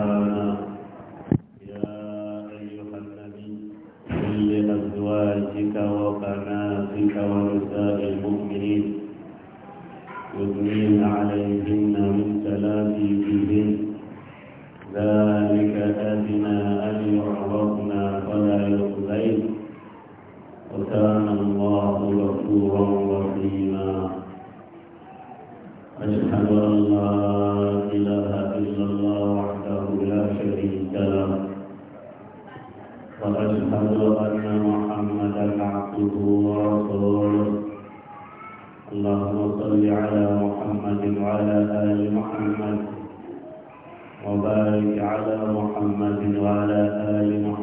سبحانه يا أيها النبي قل لأزواجك وبناتك ونساء المؤمنين يثنين عليهن الله على محمد وعلى آل محمد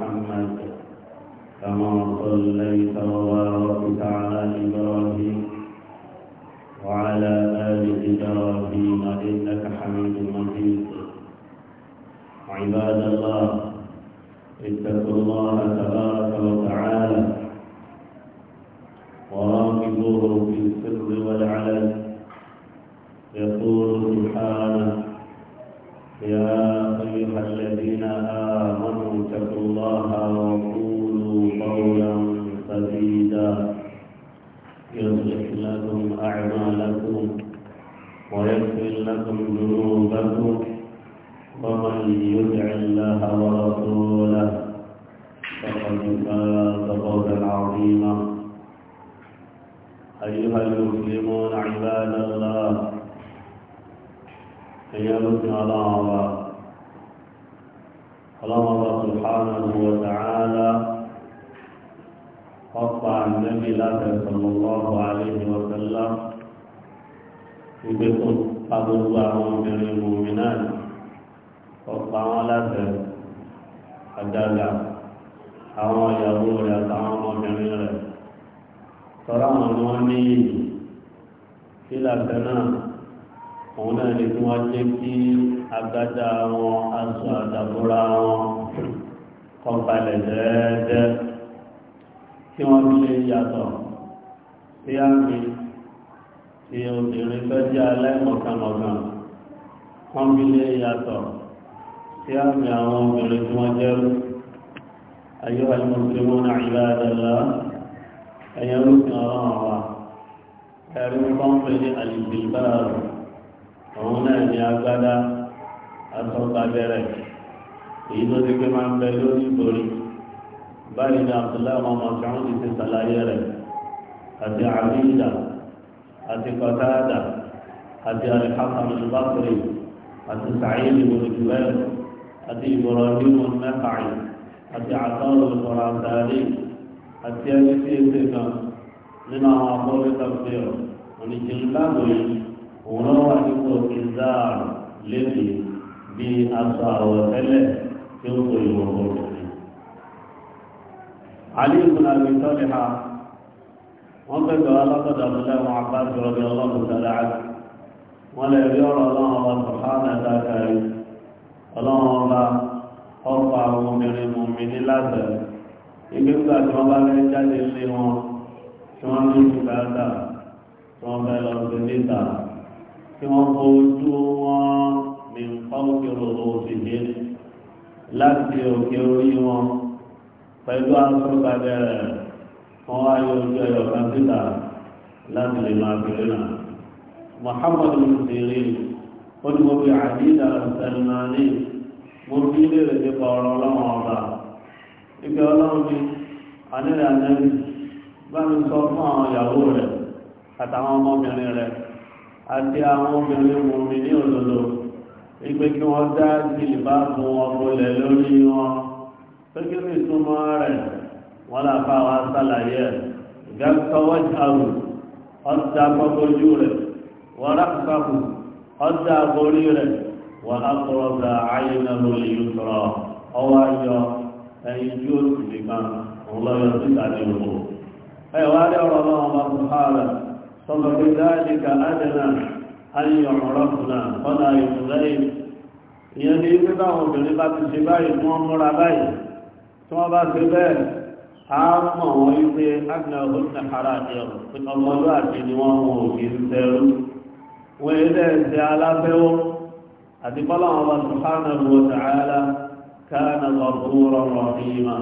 أيها المسلمون عباد الله أيامكم على الله قال الله سبحانه وتعالى قطع النبي لك صلى الله عليه وسلم يبقوا قبل الله من المؤمنات قطع لك أدلع àwọn ìyàwó rẹ̀ àtàwọn ọmọbìnrin rẹ̀ tọ́lá àwọn ọmọ ní ìlú sílà kanáà òun náà ní kí wọ́n jẹ́ kí agbádá wọn aṣọ àdàbúrà wọn kọ́balẹ̀ dẹ́ẹ́dẹ́ kí wọ́n fi lè yàtọ̀ sí àmì tí obìnrin tó jẹ́ aláìmọ̀kànmọ̀kàn wọ́n fi lè yàtọ̀ sí àmì àwọn obìnrin tí wọ́n jẹ́rú ayé wa ni mo ti mú náà ìlà àdàlá ẹ̀yàn lókun ọlọ́run wa ẹ̀rú kọ́ńpé ní alìbìbáàrù òun náà ní agbádá asọ́gbàbẹ́rẹ̀ èyí tó ti pé máa ń bẹ lórí ìborí báyìí ní abdullahi muhammad sàrún ti ti sàlàyé rẹ̀ àti àmìdà àti kọ́tàdà àti alìhàkàmù ìbáfẹ́rẹ́ àti sàáyìn ìbòròjùwẹ́rẹ́ àti ìbòròjùwẹ́rẹ́ àti àti ẹni tí ẹsẹ̀ kan nínú àwọn abọ́lẹ́ta fi ọ̀ oníjìnláàbò yìí òun náà wà nípò ìzáàrù lébi bí aṣọ àwọ̀ tẹ́lẹ̀ tí ó kò ìwọ̀ òkè. Àlí ìbùnà àbí tọ́lì ha wọ́n gbẹ̀gbẹ̀ wá lọ́kọ̀dọ̀ àbúlẹ̀ wọn àbá jọrọ bí ọlọ́run dára àti wọ́n lè rí ọ̀rọ̀ ọlọ́run ọba sọ̀hánà dákàrí ọlọ́run ọba ọkọ̀ àwọn obìnrin mọ̀mí ní látẹ̀lẹ̀ ibi ń gbà tí wọ́n bá fẹ́ jáde lé wọn tí wọ́n ní bùkátà tí wọ́n fẹ́ lọ sí níta tí wọ́n kọ ojú wọn ní nǹkan òkèrò òsìdé láti òkè orí wọn pẹ̀lú asọ́gbàdẹ rẹ̀ wọ́n wá yọ ojú ẹ̀yọ̀ kan síta láti lè máa bèrè náà. محمد بن سيرين قل وبعديد السلماني مرسل لقول الله ibi ọlọ́run ni ànílẹ̀ ànẹ́bí bá mi sọ fún àwọn ìyàwó rẹ̀ àtàwọn ọmọbìnrin rẹ̀ àti àwọn obìnrin mọ̀mí ní òdòdó ìgbé kí wọ́n dá gìlìbá fún ọkọlẹ̀ lórí wọn tó kí ní ìtumọ̀ rẹ̀ wọ́n là fà wá sàlàyé ẹ̀ gẹ́gẹ́wọ́jì àrù ọ̀dà gbọ́gbójú rẹ̀ wọ́n rákùkàkù ọ̀dà àgbórí rẹ̀ wọ́n ẹyin tí ó sì lè máa òun lọ́yọ̀ síta ní òun ẹ wá rí ọ̀rọ̀ ọlọ́run bá fún hàrà sọ́kọ̀ pé dáàdì ka ádẹ́nà ayé ọ̀rọ̀ fúnà kọ́nà ìlú lẹ́yìn ìyẹn ní ibi táwọn obìnrin bá ti ṣe báyìí fún ọmọ ra báyìí tí wọ́n bá káàna lọ́gbọ́rọ̀ rọ̀bìmá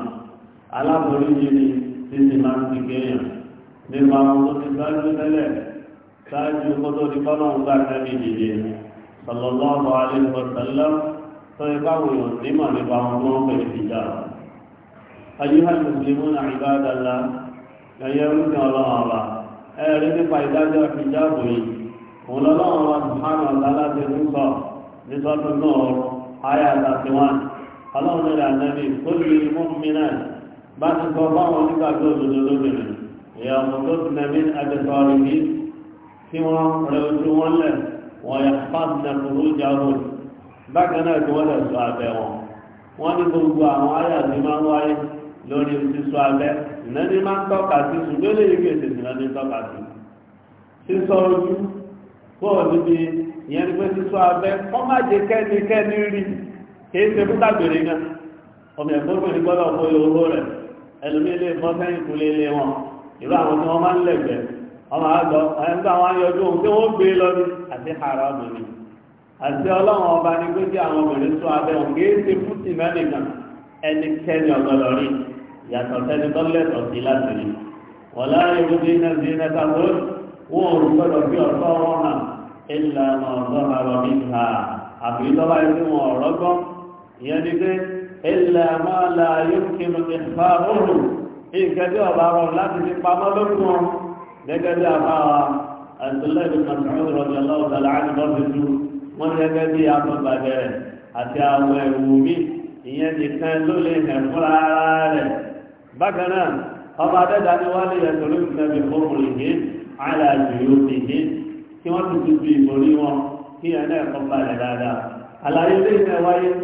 aláboríjì ni tí ti máa ń ti kéèyàn nípa àwọn tó ti sáájú tẹ́lẹ̀ sáájú kótó ti kọ́nà ń gbà tẹ́lẹ̀ ìdíje sọlọ́lọ́ọ̀bọ̀ alẹ́kọ̀ọ́sẹ́lẹ́ tó ipá wòyàn nímọ̀ nípa àwọn tó ń pè ní ìjà ayíhà mùsùlùmí náà ìbádàlá ẹ̀yẹ orúkẹ ọlọ́run nípa ìdájọ́ ìjáàbò yìí ayé àtàkùn ọlọ́run lẹ́la nẹ́bí kólé mọ́mìnà bá ti sọ báwọn nígbà tó lòdò lóbìnrin ìyá ọmọ tó ti nẹ́bí adẹ́sọ́rin ní tí wọ́n rẹ̀ ojú wọn lẹ̀ wọ́n yà fáàdùnà kúrú jáwó bákan náà tí wọ́n lẹ̀ sọ abẹ́ wọn wọ́n ní gbogbo àwọn ayà tí máa ń wáyé lórí sísọ kìí ṣe fún tàgbèrè gan ọmọ ẹ̀gbọ́n pẹ̀lú gbọ́dọ̀ fún owó rẹ̀ ẹlòmí ilé ìbọn sẹ́yìn kulé ilé wọn ìlú àwọn tí wọ́n máa ń lẹ̀gbẹ̀ẹ́ ọmọ àgbọ̀ ẹ̀ńgbà wọn yọjú ohun tí wọ́n gbé lọ ní àti àrà obìnrin àti ọlọ́run ọba ní pé kí àwọn obìnrin tún abẹ́ wọn kìí ṣe fún tìmẹ́ nìkan ẹnikẹ́ni ọ̀gbọ́dọ̀ rí yàtọ̀ sẹ́ni tó lẹ́tọ̀ sí ìyẹn ni pé ilẹ̀ máa la yóò kí ló ti fa oòrùn nǹkan tí ọba rọ láti fi pamọ́ lókun wọn gẹ́gẹ́ bí àbá àtúlẹ̀ ìlú màsùlùmí rọ̀jò lọ́wọ́ tàlà á ní lọ́ọ̀fì tú wọ́n gẹ́gẹ́ bí àtúbàjẹ́ rẹ̀ àti àwọn ẹ̀wù mi ìyẹn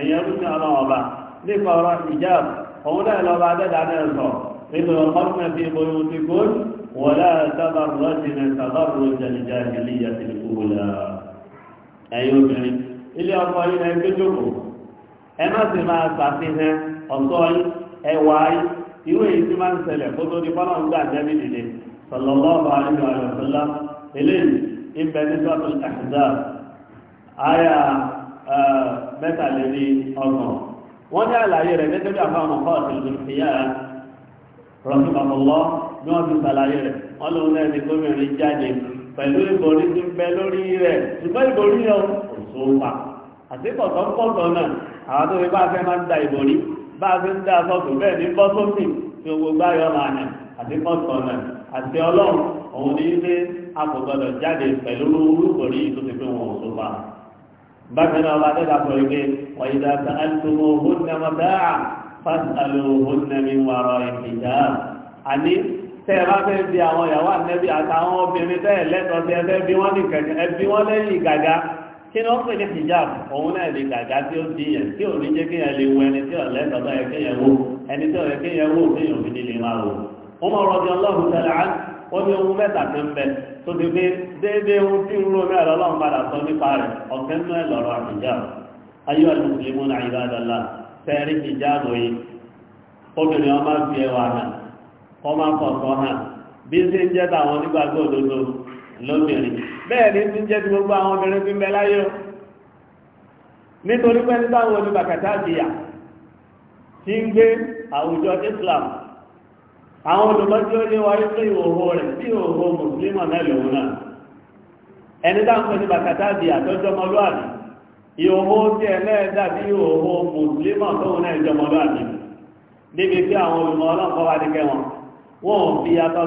ẹ̀yìn ẹrú ní ọlọ́wọ́ bá nípa ọ̀rọ̀ ìjáàb òun náà lọ́ba adẹ́dà náà sọ nínú ọkùnrin fi ìbò ìwò ti kún wọ́n láà sábà rọ́ọ̀tì ní sàbáàbò jẹ̀lìjà ìlú ìyá ti kú wọlé ẹ̀yìn obìnrin ilé ọkọ yìí náà gbé jókòó ẹ má sì máa ṣàfihàn ọ̀ṣọ́ ẹwà yìí irú máa ń ṣẹlẹ̀ kó tó di fọ́nà ń gbà jẹ́ nídìde sallallahu mẹ́tàlélí ọgbọ̀n wọ́n ní àlàyé rẹ̀ gẹ́gẹ́ bí àfáà mọ̀kọ́ àtìlú ìyá rọ̀sùn bàbọ̀lọ́ ní wọ́n fi sàlàyé rẹ̀ wọ́n lòun náà ní gómìnrin jáde pẹ̀lú ìborí tí ń bẹ lórí rẹ̀ ṣùgbọ́n ìborí yẹn òṣù wà àti pọ̀tọ́ pọ̀tọ́ náà àwọn tó fi bá fẹ́ máa ń da ìborí bá fi ń da sọ́tù bẹ́ẹ̀ ní bọ́sọ́sì tí owó gbáyọ̀ máa nà ọlọ́run òun ní ilé àpògbọ́dọ̀ jáde pẹ̀lú orúkọ rí tó ti fi wọn òṣù bákan náà ọba وَإِذَا pọ̀ ìgbé ọ̀yẹ̀dà مِنْ òhun náà mọ̀tá fásitàlù òhun náà mi wàrọ̀ ìpìjà àní tẹ́ ẹ bá fẹ́ bí àwọn ìyàwó ànẹ́bí àtàwọn kí ni wọ́n pè ní hijab òun náà lè gàgá tí ó di yẹn tí ò ní jẹ́ kéèyàn lè wo ẹni tí ò lẹ́tọ̀ọ́ tó yẹ wò ẹni tí ò yẹ kéèyàn wò kéèyàn òfin lè máa wò. wọ́n mọ̀ rọ́bì ọlọ́run tẹ̀lé á ó ní ohun mẹ́ta tó ń bẹ tó ti pé déédéé ohun tí ń rú omi àrọ́ ọlọ́run padà sọ nípa rẹ̀ ọ̀fẹ́ mú ẹ lọ́rọ̀ àbíjáàbù ayé wà ní mùsùlùmí náà ìlú àdàlà fẹ́ẹ́rí ìjáàbù yìí obìnrin ọmọ fi ẹwà hàn ọmọ kọ̀ọ̀kan hàn bí ṣe ń jẹ́ táwọn onígbàgbọ́ òdodo lóbìnrin bẹ́ẹ̀ ni ti ń jẹ́ ti gbogbo àwọn obìnrin fi ń bẹ láyé nítorí pé nígbà wo ni bàkàtà bìyà ti ń gbé àwùjọ Islam àwọn olùmọ́jú ó lé wáyé pé ìhòhò rẹ̀ tí ìhòhò mùsùlùmọ̀ náà lòun náà ẹni dáhùn ní bàkàtà di àtọ́jọ́ ọmọlúwàbí ìhòhò tí ẹ lẹ́ẹ̀dá bí ìhòhò mùsùlùmọ̀ tóun náà jọ ọmọlúwàbí níbi tí àwọn olùmọ̀ ọlọ́pọ̀ wá ní kẹwọn wọn ò fi yàtọ̀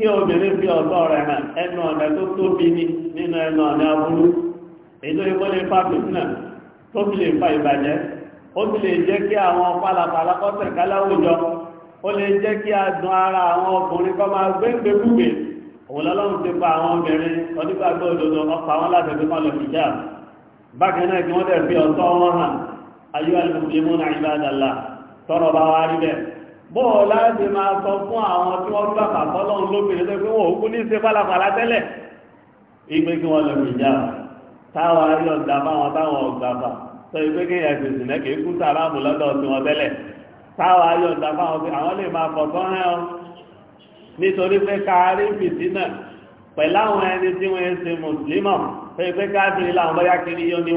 kí obìnrin fi ọ̀dọ́ rẹ̀ hàn ẹnu ọ̀nà tó tóbi ní nínú ẹnu ọ̀nà aburú ètò ìwọlé fábíkínà tó fi lè fa ìbàjẹ́ ó ti lè jẹ́ kí àwọn pálapàla kọ́sẹ̀ káláwùjọ ó lè jẹ́ kí adùn ara àwọn ọkùnrin kọ́ máa gbégbé gbùgbé òun lọ́lọ́run ti pa àwọn obìnrin onígbàgbọ́ òdodo ọ̀pọ̀ àwọn láti fi kọ́ lọ sí jáà bákan náà kí wọ́n dẹ̀ fi ọ̀tọ́ wọn bọ́ọ̀ láti máa sọ fún àwọn tí wọ́n gbà pàpọ̀ lọ́run lóbìnrin tó pé wọ́n òkú ní ṣe fálafàlá tẹ́lẹ̀ ìgbé kí wọ́n lọ fi jà táwọn ayé ọ̀dà báwọn táwọn ọ̀gbà bà sọ ìgbé kí ẹ̀sìn ìsìn náà kì í kú sàrámù lọ́dọ̀ tí wọ́n tẹ́lẹ̀ táwọn ayé ọ̀dà báwọn pé àwọn lè máa pọ̀ tán hẹ́ ọ nítorí pé káárí fìdí náà pẹ̀láwọn ẹni tí wọ́n ṣe mùsùlùmọ̀ pé pé káàkiri láwọn bọ́yá kiri yọ ni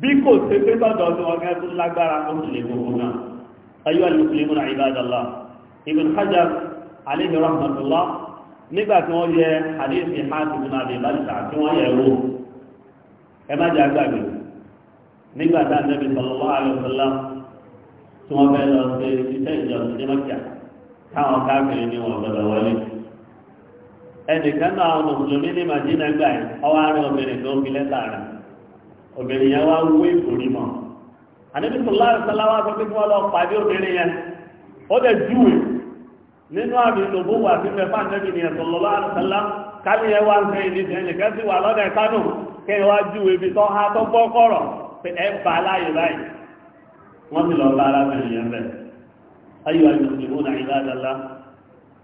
bí kò ṣe pé tọ́jọ́ ọdún ọgá tó lágbára ó sì lè gbogbo náà ayọ́ alìmùsùlùmù náà ibadallah ibn hajar alayhi rahmatullah nígbà tí wọ́n yẹ àdéhùn ìhàtìmù náà lè lálùsà tí wọ́n yẹ wò ẹ má jẹ́ àgbàgbé nígbà tá ànábì sallallahu alaihi wasallam tí wọ́n fẹ́ lọ sí iṣẹ́ ìjọsìn ní mọ́kíà táwọn káàkiri ní wọn gbọdọ̀ wọlé ẹnìkan náà ọmọ mùsùlùmí ní màdínà gbà yìí ọwọ́ àárín obìnrin obìnrin yẹn wá wé ìbòrí mọ́ àníbísọ̀lá ìsọ̀láwà sọ pé kí wọ́n lọ pàdé obìnrin yẹn ó júwe nínú àmì ìlòbó wà sí ni ẹ wá ń fẹ́ ìdí ìdíyẹn kẹ́ sí wà lọ́dẹ̀ kánò kẹ́ wá júwe ibi tó ha tó gbọ́ pé ẹ bá báyìí wọ́n ti lọ bá arábìnrin yẹn bẹ́ẹ̀ ayò àjòsìmó nà ìlàdàlá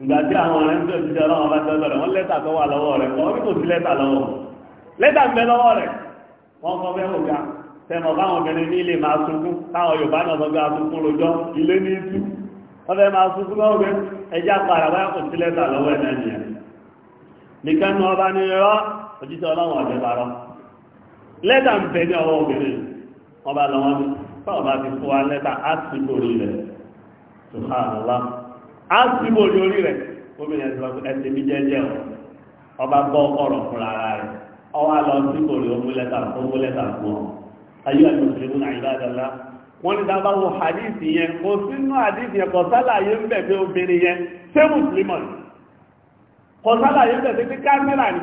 ìgbà tí àwọn ọ̀rẹ́ ń ọlọ́wọ́ bá tẹ́ wọ́n lẹ́tà tó wà lọ́wọ́ rẹ̀ wọ́n kò sí lẹ́tà wọ́n sọ bẹ́ẹ̀ ògá tẹmọ̀ báwọn obìnrin ní ilé máa sunkún táwọn Yorùbá náà sọ pé asunkún lójọ́ ilé ní ìtú wọ́n fẹ́ máa sunkún lọ́wọ́ pé ẹjá padà báyà kò sí lẹ́tà lọ́wọ́ ẹ̀ náà nìyẹn nìkan ní ọba ní irọ́ òjíṣẹ́ ọlọ́wọ́n ọ̀dẹ́ bá rọ lẹ́tà ń bẹ ní ọwọ́ fún wa rẹ̀ ọwọ́ àlọ́ fún ọ ayé àjọṣẹ́gun àìbádọ́lá wọ́n ní dábà wọ hadithi yẹn kò sínú hadithi yẹn kò sálàyé ń bẹ̀ obìnrin yẹn ṣé ń pé kámẹ́rà ni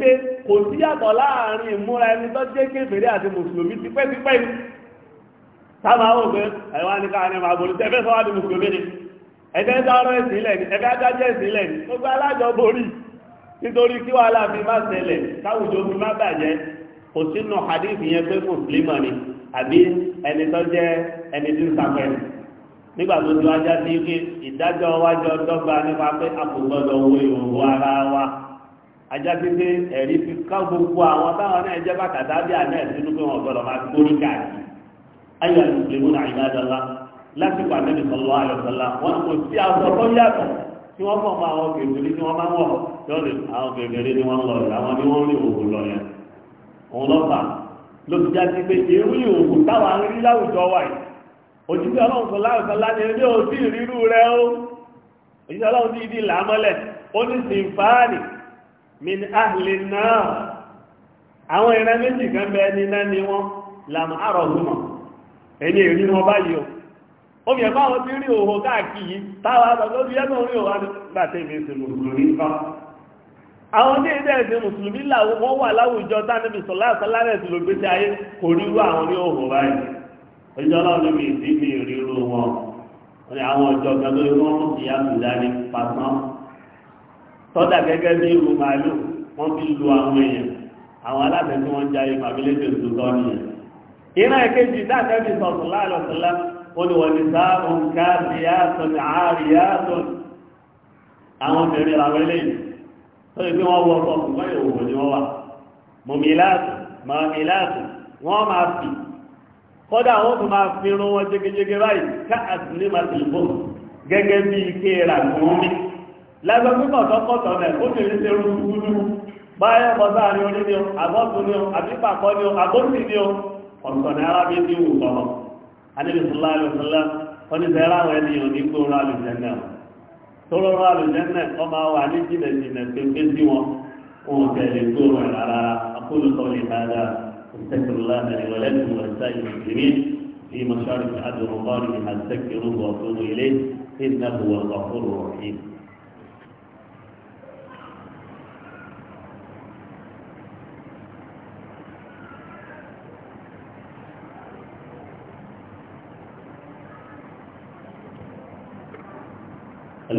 pé kò sí láàrin ìmúra ẹni tó jẹ́ àti ni sábà ní tẹ́fẹ́ sọ́wọ́ àti ni ẹ̀fẹ́ ẹ̀sìn ilẹ̀ ni ẹ̀fẹ́ ẹ̀sìn ilẹ̀ ni gbogbo alájọ borí nítorí kí wàhálà mi má ṣẹlẹ̀ káwùjọ mi má bàjẹ́ kò sínú hadith yẹn pé mùsùlùmọ̀ ni àbí ẹni tó jẹ́ ẹni tó ń sàpẹ̀lẹ̀ nígbà tó ti wájá sí pé ìdájọ́ wájọ́ dọ́gba nípa pé a kò gbọ́dọ̀ wo ìhòòhò ara wa ajá sí pé ẹ̀rí fi ká gbogbo àwọn táwọn náà jẹ́ bàtàtà bí àná ẹ̀sìn pé wọn gbọ́dọ̀ máa gbórí káàkiri ayé àti ìplémù náà ìdájọ́ lá lásìkò àmẹ́bí sọ̀lọ́ àyọ̀sọ̀lá wọn kò sí aṣọ tó yàtọ̀ tí wọ́n fọ̀ mọ́ àwọn kèfèrí tí wọ́n bá wọ̀ lọ́rẹ̀ àwọn kèfèrí ni wọ́n lọ àwọn ni wọ́n rí òògùn lọ yẹn òun lọ́fà ló fi jáde pé èrú ìhòògùn táwọn arí láwùjọ wà yìí òjijì ọlọ́run sọ láwùjọ láti ẹni ó sì rẹ ó òjijì ọlọ́run ti di làmọ́lẹ̀ ó ní sinfani min ahli náà àwọn ìran méjì kan bẹ ẹni náà ni wọ́n làmọ́ àrọ̀ omi ẹ̀fọ́ àwọn tí rí òhò káàkiri táwa àtàkọ́jú yẹ́nà orí òhò àgbàtẹ́ ìmẹ́sì mùsùlùmí kan àwọn tí ìdẹ́ ẹ̀sìn mùsùlùmí làwọn wọ́n wà láwùjọ tánibì sọ̀láàsálárẹ̀ sí lògbésí ayé kò rírú àwọn orí òhò báyìí ọjọ́ láwọn mi ìdí mi rírú wọn àwọn ọjọ́ kan lórí wọn mú sí àbùdá ní pàtán tọ́dà gẹ́gẹ́ bí irú màálù wọ́n lu àwọn èèyàn àwọn alábẹ̀ẹ́ tí wọ́n jayé màbílẹ́tẹ̀ tó tọ́ nìyẹn ìran ẹ̀kejì dáadẹ́bì sọ̀tún wọ́n ni wọ́n ni sáàrùn káàbíyàtọ̀ ní àáríyàtọ̀ àwọn obìnrin àwọn eléyìí tó ní pé wọ́n wọ ọkọ̀ ṣùgbọ́n ìhòòhò ni wọ́n wà mọ̀míláàtù mọ̀míláàtù wọ́n máa fi kọ́dà wọ́n tún máa fi irun wọn jégejége báyìí káàtì ní màtìlúbọ̀ gẹ́gẹ́ bí ike rà fún mi ti rí alẹ́bìsọ̀lá alẹ́bìsọ̀lá wọ́n ní sẹ́rà àwọn ènìyàn ní gbòòrò àlùjẹ́nà tóró rọ àlùjẹ́nà wọ́n máa wà ní jìnà jìnà pépé sí wọn wọn tẹ̀lé gbòòrò rárá akólùkọ́ lè dára ìtẹ́kùrọ̀lá àlẹ́wọ̀lẹ́kùn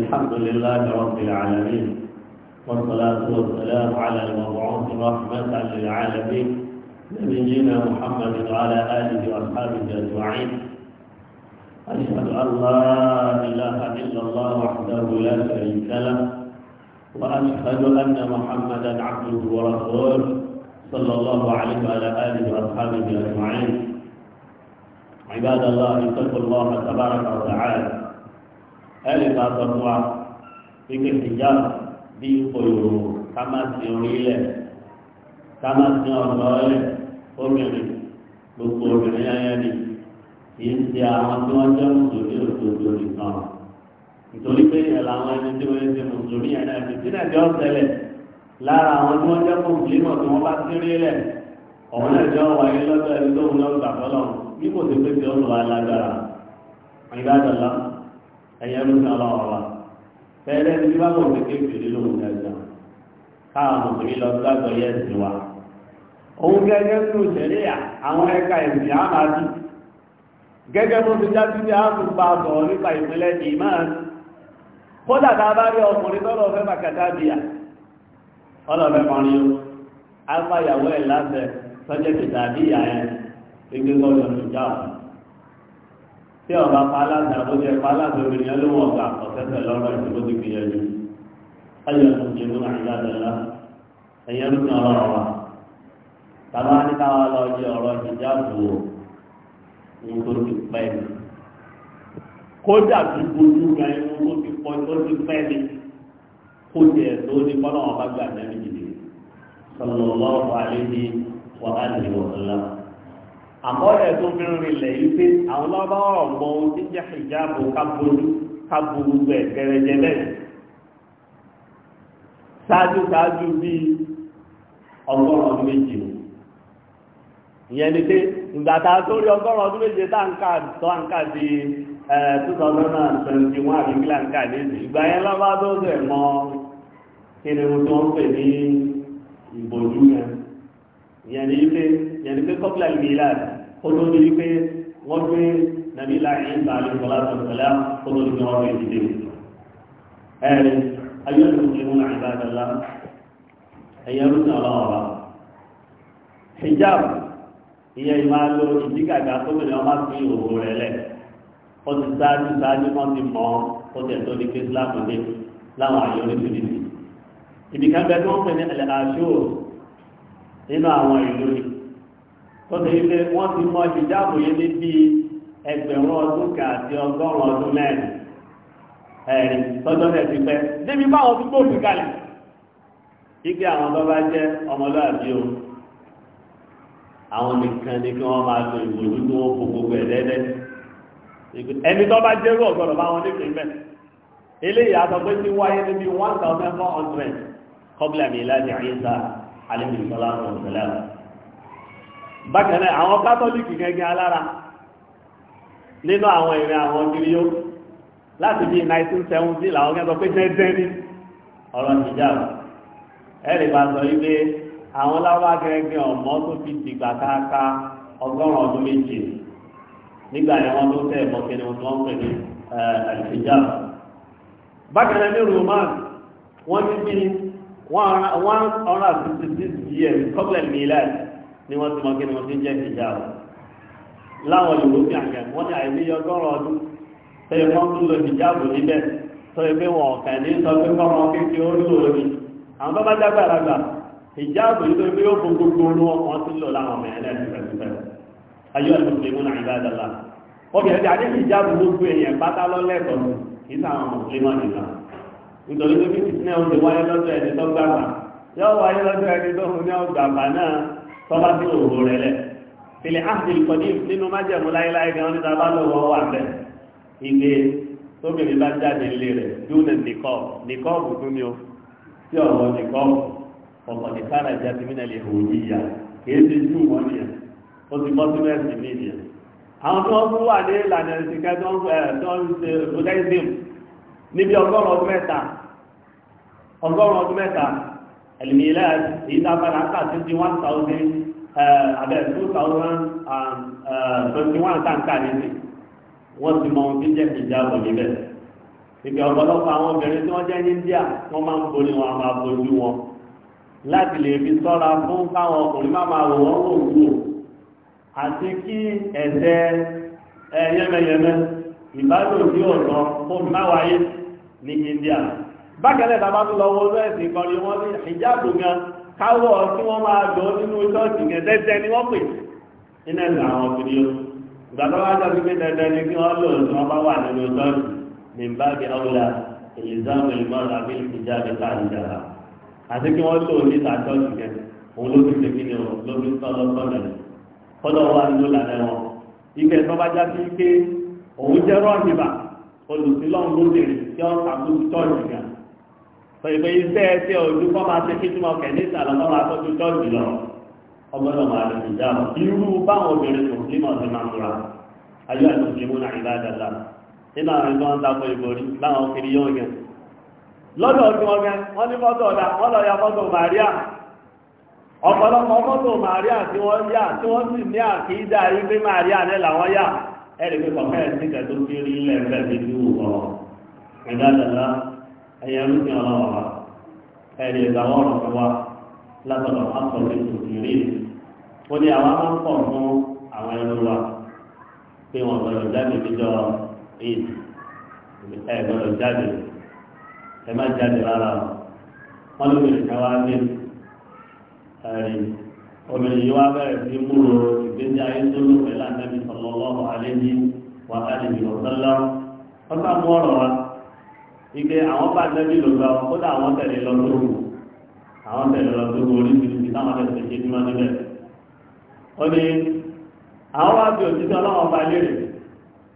الحمد لله رب العالمين والصلاة والسلام على المبعوث رحمة للعالمين نبينا محمد وعلى آله وأصحابه أجمعين أشهد أن لا إله إلا الله وحده لا شريك له وأشهد أن محمدا عبده ورسوله صلى الله عليه وعلى آله وأصحابه أجمعين عباد الله اتقوا الله تبارك وتعالى ẹnì kan sọ fún wa wípé hijab bí ipò ìrò ká má sí orílẹ̀ ká má sí ọ̀dọ́ ọ̀lẹ̀ obìnrin gbogbo obìnrin yẹn ni kì í ṣe àwọn tí wọ́n jẹ́ mùsùlùmí òdòdó nìkan nítorí pé ìyẹn làwọn ẹni tí wọ́n ṣe mùsùlùmí yẹn náà ti sílẹ̀ bí ọ̀sẹ̀lẹ̀ lára àwọn tí wọ́n jẹ́ mùsùlùmí tí wọ́n bá sí orílẹ̀ ọ̀hún náà jẹ́ ọ̀wà yín lọ́dọ̀ ẹni tó ń lọ́gbà fọlọ́ bí kò sí pé tí ó lọ́ alágbára ìgbàdàn lọ́wọ́. ẹ̀yẹ ń sọ ọlọ́run wa tẹ́lẹ̀ ní bá wọn kékeré fèrè lóhùn gẹ́gẹ́ káwọn mùsùlùmí lọ gbàgbọ́ yẹ ẹ̀sìn wa òun gẹ́gẹ́ tó àwọn ẹ̀ka ẹ̀sìn á máa dì gẹ́gẹ́ jáde bá nípa ìpínlẹ̀ kódà tá a bá rí ọkùnrin tọ́lọ̀ fẹ́ bàkàtà bíyà ọlọ́fẹ́ alfa ẹ̀ sọ́jẹ́ ẹ̀ tí ọba pàálàtà tó jẹ pàálàtà obìnrin ló wọ̀ ọ̀gá ọ̀tẹ́tẹ̀ lọ́rọ̀ ìdìbò ti gbìyànjú ayọ̀ tó jẹ mú àyíká dẹ̀lá ẹ̀yẹ ló ní ọ̀rọ̀ wa tàbá ní káwa lọ jẹ ọ̀rọ̀ ìjà bù ó ohun tó ti pẹ́ mi kódà tó gbójú ga ohun tó ti pọ́ tó ti pẹ́ mi kó jẹ tó ní kọ́nà ọba gbà nẹ́ẹ̀mí ní wàhálì wọ̀ọ́lá àmọ́lẹ̀ tó fi rìn lẹ̀ yìí pé àwọn lábáwọ̀ ọmọ ohun tí jẹ́ ìjáàbò kábólú kábólú ẹ̀ gẹ̀rẹ́jẹ lẹ́yìn ṣáájú ṣáájú bí ọgọ́rùn ọdún méje ìyẹn ni pé ìgbà tá a tó rí ọgọ́rùn ọdún méje tá à ń kà tó à ń kà di two thousand and twenty pé ìyẹn ni olórí wípé wọ́n gbé nàbí láàyè ń bàálù ìfọlá tó tẹ̀lé olórí ní wọ́n gbé ìdílé ẹ̀rí ayélujára ní wọn àìbá dàlá ẹ̀yẹ rúnà ọlọ́wọ́ra hijab ìyẹn máa lo ìdígàgà tó bẹ̀rẹ̀ ọmọ fi òwò rẹ̀ lẹ̀ ó ti sáájú sáájú wọn ti mọ̀ ó tẹ̀ tó di pé islam dé láwọn àyè oríṣiríṣi ibìkan bẹ́ẹ̀ tó ń pè ní ẹ̀lẹ́ àṣọ nínú àwọn ìlú yìí tọ́tẹ̀ ilé wọ́n ti mọ ìjáàbò yé ní bí ẹgbẹ̀rún ọdún kàti ọgọ́rùn ọdún mẹ́rin ẹ̀rìn tọ́jọ́ tẹ̀ ti pẹ́ débi báwọn ti gbòòfin kalẹ̀ ike àwọn tó bá jẹ́ ọmọlúwàbí o àwọn nìkan ni kí wọ́n máa lo ìwòlú tó wọ́n fò gbogbo ẹ̀ ẹni tó bá jẹ́rú ọ̀gbọ̀dọ̀ bá wọn nífẹ̀ẹ́ mẹ́ eléyìí àtọ́gbé ti wáyé níbi one thousand four hundred kọ́bílà mi láti àyíṣà alẹ́ mi sọ́lá ọ̀sẹ̀ lẹ́wọ̀n bákanáà àwọn katọlik gẹ́gẹ́ alára nínú àwọn ìrìn àwọn kiri láti bí 1970 làwọn gẹ́gẹ́ pé dẹ́dẹ́ ní ọ̀rọ̀ hijab ẹ̀rì bá sọ wípé àwọn láwá gẹ́gẹ́ ọmọ tó fi dìgbà káàká ọgọ́rùn ọdún méje nígbà yẹn tó tẹ́ ẹ̀mọ́ kí ni ní bákanáà ni wọ́n ti mọ kí ni wọ́n ti jẹ́ ìjà láwọn ìlú fi àgbẹ̀ wọ́n ní àìní ọgọ́rọ̀ ọdún tẹ́yẹ wọ́n tún lọ ìjáàbò níbẹ̀ tó yẹ pé wọ́n ọ̀kẹ́ ní sọ pé kọ́mọ kékeré ó lò lórí àwọn tó bá jágbà àràgbà ìjáàbò yìí tó pé ó fún gbogbo olú wọn ti lò láwọn ọmọ ẹ̀rẹ́ ti ayé ọ̀sùn pé múnà ìbádàlá tọ́lá tí òwò rẹ̀ lẹ̀ ilẹ̀ áàdìl kọ́dí nínú májẹ̀mú láíláí gan níta bá lọ́wọ́ wà bẹ́ ìgbé tóbìnrin bá jáde lé rẹ̀ dúnà nìkọ́ nìkọ́ọ̀bù tún ni ó tí ọ̀rọ̀ nìkọ́ọ̀bù ọ̀pọ̀ nìkára ìjà ti mínà lè hò yíya kìí ti jù wọ́n nìyẹn ó ti bọ́ sí mẹ́sì mí nìyẹn àwọn tó ń wà ní ìlànà ìsìnká tó ń ṣe buddhism níbi ọgọ́rùn-ún mẹ́ta ọgọ́rùn-ún mẹ́ta الميلاد إذا فرقت 21,000 abẹ́ two thousand and twenty one tá n ká nísìn wọ́n ti mọ ohun tí ọ̀pọ̀lọpọ̀ àwọn obìnrin tí wọ́n jẹ́ ní India wọ́n máa ń borí wọn máa bojú wọn láti lè fi sọ́ra fún káwọn ọkùnrin má máa wò wọ́n wò wò àti kí ẹ̀sẹ̀ yẹ́mẹyẹmẹ ìbádùn tí ò fún mi ní India bákẹ́lẹ̀ tàbá tó lọ wọ́n lẹ́sìn ìkọrin wọn ní ìjáàbò gan káwọ́ tí wọ́n máa jọ nínú ṣọ́ọ̀tì yẹn dẹ́dẹ́ ni wọ́n pè nínú ẹ̀sìn àwọn òbí yóò ìgbàgbọ́ wá jọ pípé dẹ́dẹ́ ni kí wọ́n lò ní wọ́n bá wà nínú ṣọ́ọ̀tì ní báàgì ọ̀la ìlìzáàmù ìmọ̀ràn àbí ìjáde káàdìjà àti kí wọ́n lò ní ṣọ́ọ̀tì yẹn òun ló fi ṣe kí ni o ló fi tọ́ lọ́sọ̀ọ̀dẹ̀ pẹ̀lú iṣẹ́ ẹsẹ̀ ojú kọ́ máa ṣe kí tí wọ́n kẹ̀ ní ìsàlọ̀ kọ́ máa tọ́jú tọ́jú lọ ọgbọ́dọ̀ máa lè dìjà mọ́ irú báwọn obìnrin kò sí mọ̀ sí máa múra ayé àti òṣèlú náà ìlà àdàlà nínú àwọn ẹgbẹ́ wọn dákọ̀ ìborí láwọn kiri yóò yẹn lọ́dọ̀ ọdún ọgẹ wọ́n ní fọ́tò ọ̀dà wọ́n lọ ya fọ́tò Màríà ọ̀pọ̀lọpọ̀ fọ́tò Màríà tí wọ́n yà tí ẹ̀yẹ ń fi ọ̀rọ̀ wà ẹ̀rì ìgbàwọ̀ ọ̀rọ̀ fún wa látọ̀dọ̀ àpọ̀lẹ̀ òkèèrè ó ní àwọn akọ́kọ̀ fún àwọn ẹrú wa pé wọn gbọ́dọ̀ jáde níjọ́ èyí ẹ gbọ́dọ̀ jáde ẹ má jáde rárá wọn ló bẹ̀rẹ̀ ká wá ní ẹ̀rì obìnrin yìí wá bẹ̀rẹ̀ sí múlò ìgbésí ayé tó lò pẹ̀lú àtẹ́bí sọ̀lọ́lọ́ọ̀ alẹ́ ní wàhálì ìrọ̀sọ́lá ọgbà mú ọ̀rọ̀ wa ike àwọn bá tẹ́bí ló gba wọn kódà àwọn tẹ̀lé lọ tó wù àwọn tẹ̀lé lọ tó wù oríṣiríṣi táwọn tẹ̀lé ṣe ní wọn níbẹ̀. ó ní àwọn wá bí òṣìṣẹ́ ọlọ́wọ́n bá lérè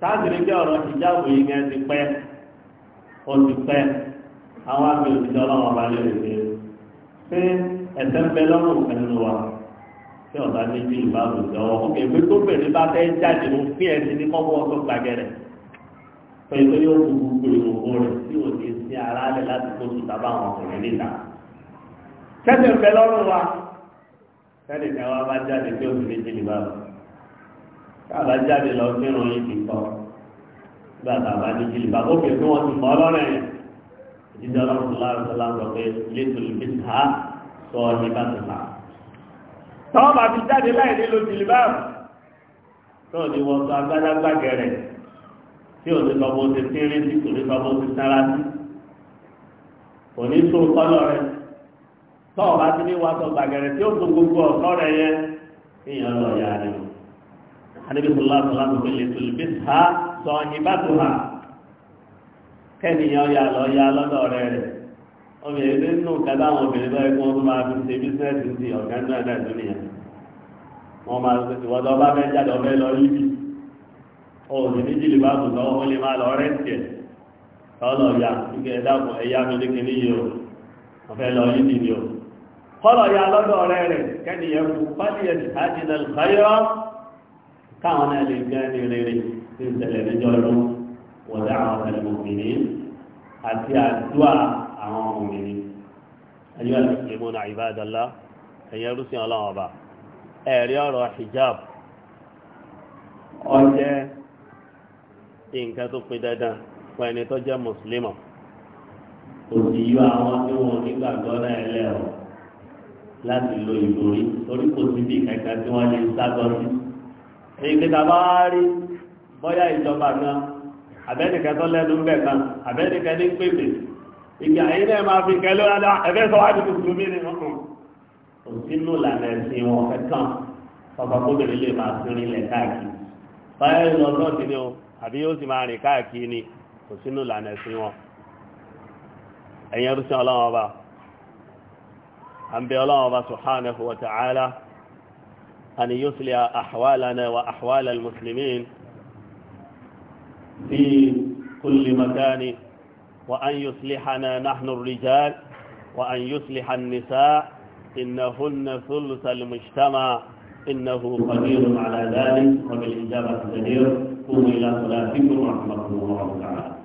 táàgìrì bí ọ̀rọ̀ ìjáwó yìí yẹn ti pẹ́ ó ti pẹ́ àwọn wá bí òṣìṣẹ́ ọlọ́wọ́n bá lérè pé pé ẹ̀sẹ̀ ń bẹ lọ́rùn pẹ̀lú wa tí ọ̀dà méjì ìbáwò jọ ọkùnrin pé tó bẹ̀rẹ̀ bá fẹ́ jáde òfin ẹ̀sìn ní kọ́kọ́ tó gbàgẹ̀rẹ̀ pẹ̀lú yóò kú gbogbo ìwòwò rẹ̀ tí ò ní sí ara rẹ̀ láti kó tó tábà wọn kò níta. Kẹ́sì ń lọ́rùn wa. Kẹ́sì kan wá bá jáde tí oṣù méjì ní báwò. Káàbá jáde lọ sí ìrùn yìí ti kọ́. Nígbà tá a bá ní jìlì bá tí wọ́n ti mọ́ lọ́rẹ̀ yẹn. Ìdíje ọlọ́run láàrín sọ́lá ń sọ pé létò lè fi ta sọ ní bàtùmá. Tọ́wọ́ ti jáde láì tí o ti sọ bó ti kéré sí kò ní sọ bó ti sára sí kò ní tó kọ́lọ̀ rẹ tó o bá ti ní wàásù gbàgẹ̀rẹ̀ tí o tó gbogbo ọ̀tọ́ rẹ yẹ kéèyàn lọ yà rẹ o adébísọ̀lá sọlá tó fi lè tó lè fi sá sọ ọ̀yìn bá tó hà kẹ́niyàn yà lọ yà lọ́dọ̀ rẹ rẹ obìnrin tó nù kátà àwọn obìnrin báyìí kí wọ́n máa fi ṣe bísíǹsì ti ọ̀gá náà náà tó nìyẹn wọ́n máa ti wọ́n tó bá fẹ́ jáde ọ̀fẹ́ lọ yíbi òòrùn ní jìlì bá bùn lọ́wọ́ lè máa lọ rẹ́ǹtì ẹ̀ lọ́nà ọ̀yà ìgbẹ́ ẹ̀dàpọ̀ ẹ̀yà mi lékè ní yìí o wọ́n fẹ́ lọ yìí nìyí o kọ́lọ̀ ya lọ́dọ̀ ọ̀rẹ́ rẹ̀ kẹ́niyẹ fún pálíẹ̀sì àjìnà ìfáyọ́ káwọn náà lè gẹ́ ní rere ní ìṣẹ̀lẹ̀ ọjẹ́ nǹkan tó pe dandan fún ẹni tó jẹ́ mùsùlùmọ̀ kò sì yọ àwọn tí wọn nígbàgbọ́ náà lẹ̀ ọ́ láti lo ìborí torí kò sí bí kankan tí wọ́n lè sábọ́ sí. èyí ti ta bá rí bóyá ìjọba náà àbẹ́nìkan tó lẹ́nu ń bẹ̀ kan àbẹ́nìkan ní pèpè ìgbà yìí náà máa fi kẹ́ lóra dá ẹ̀fẹ́ sọ wájú tuntun mí ni ọkàn kò sínú ìlànà ẹ̀sìn wọn kankan ọkọ̀ kóbìnrin lè máa sinrin lẹ̀ káàkiri báyọ̀ ìlọ́dọ̀ ti ní o. àbí yóò sì máa rìn káàkiri ni kò sínú ìlànà ẹ̀sìn wọn ẹ̀yìn ẹrú sí ọlọ́run ọba à ń bẹ ọlọ́run ọba subhanahu wa ta'ala an yusliha ahwalana wa ahwala al-muslimin fi kulli makani wa an yuslihana nahnu ar-rijal wa an yusliha an-nisaa innahunna thulutha al إنه قدير على ذلك وبالإجابة قدير قوموا إلى صلاتكم ورحمة الله تعالى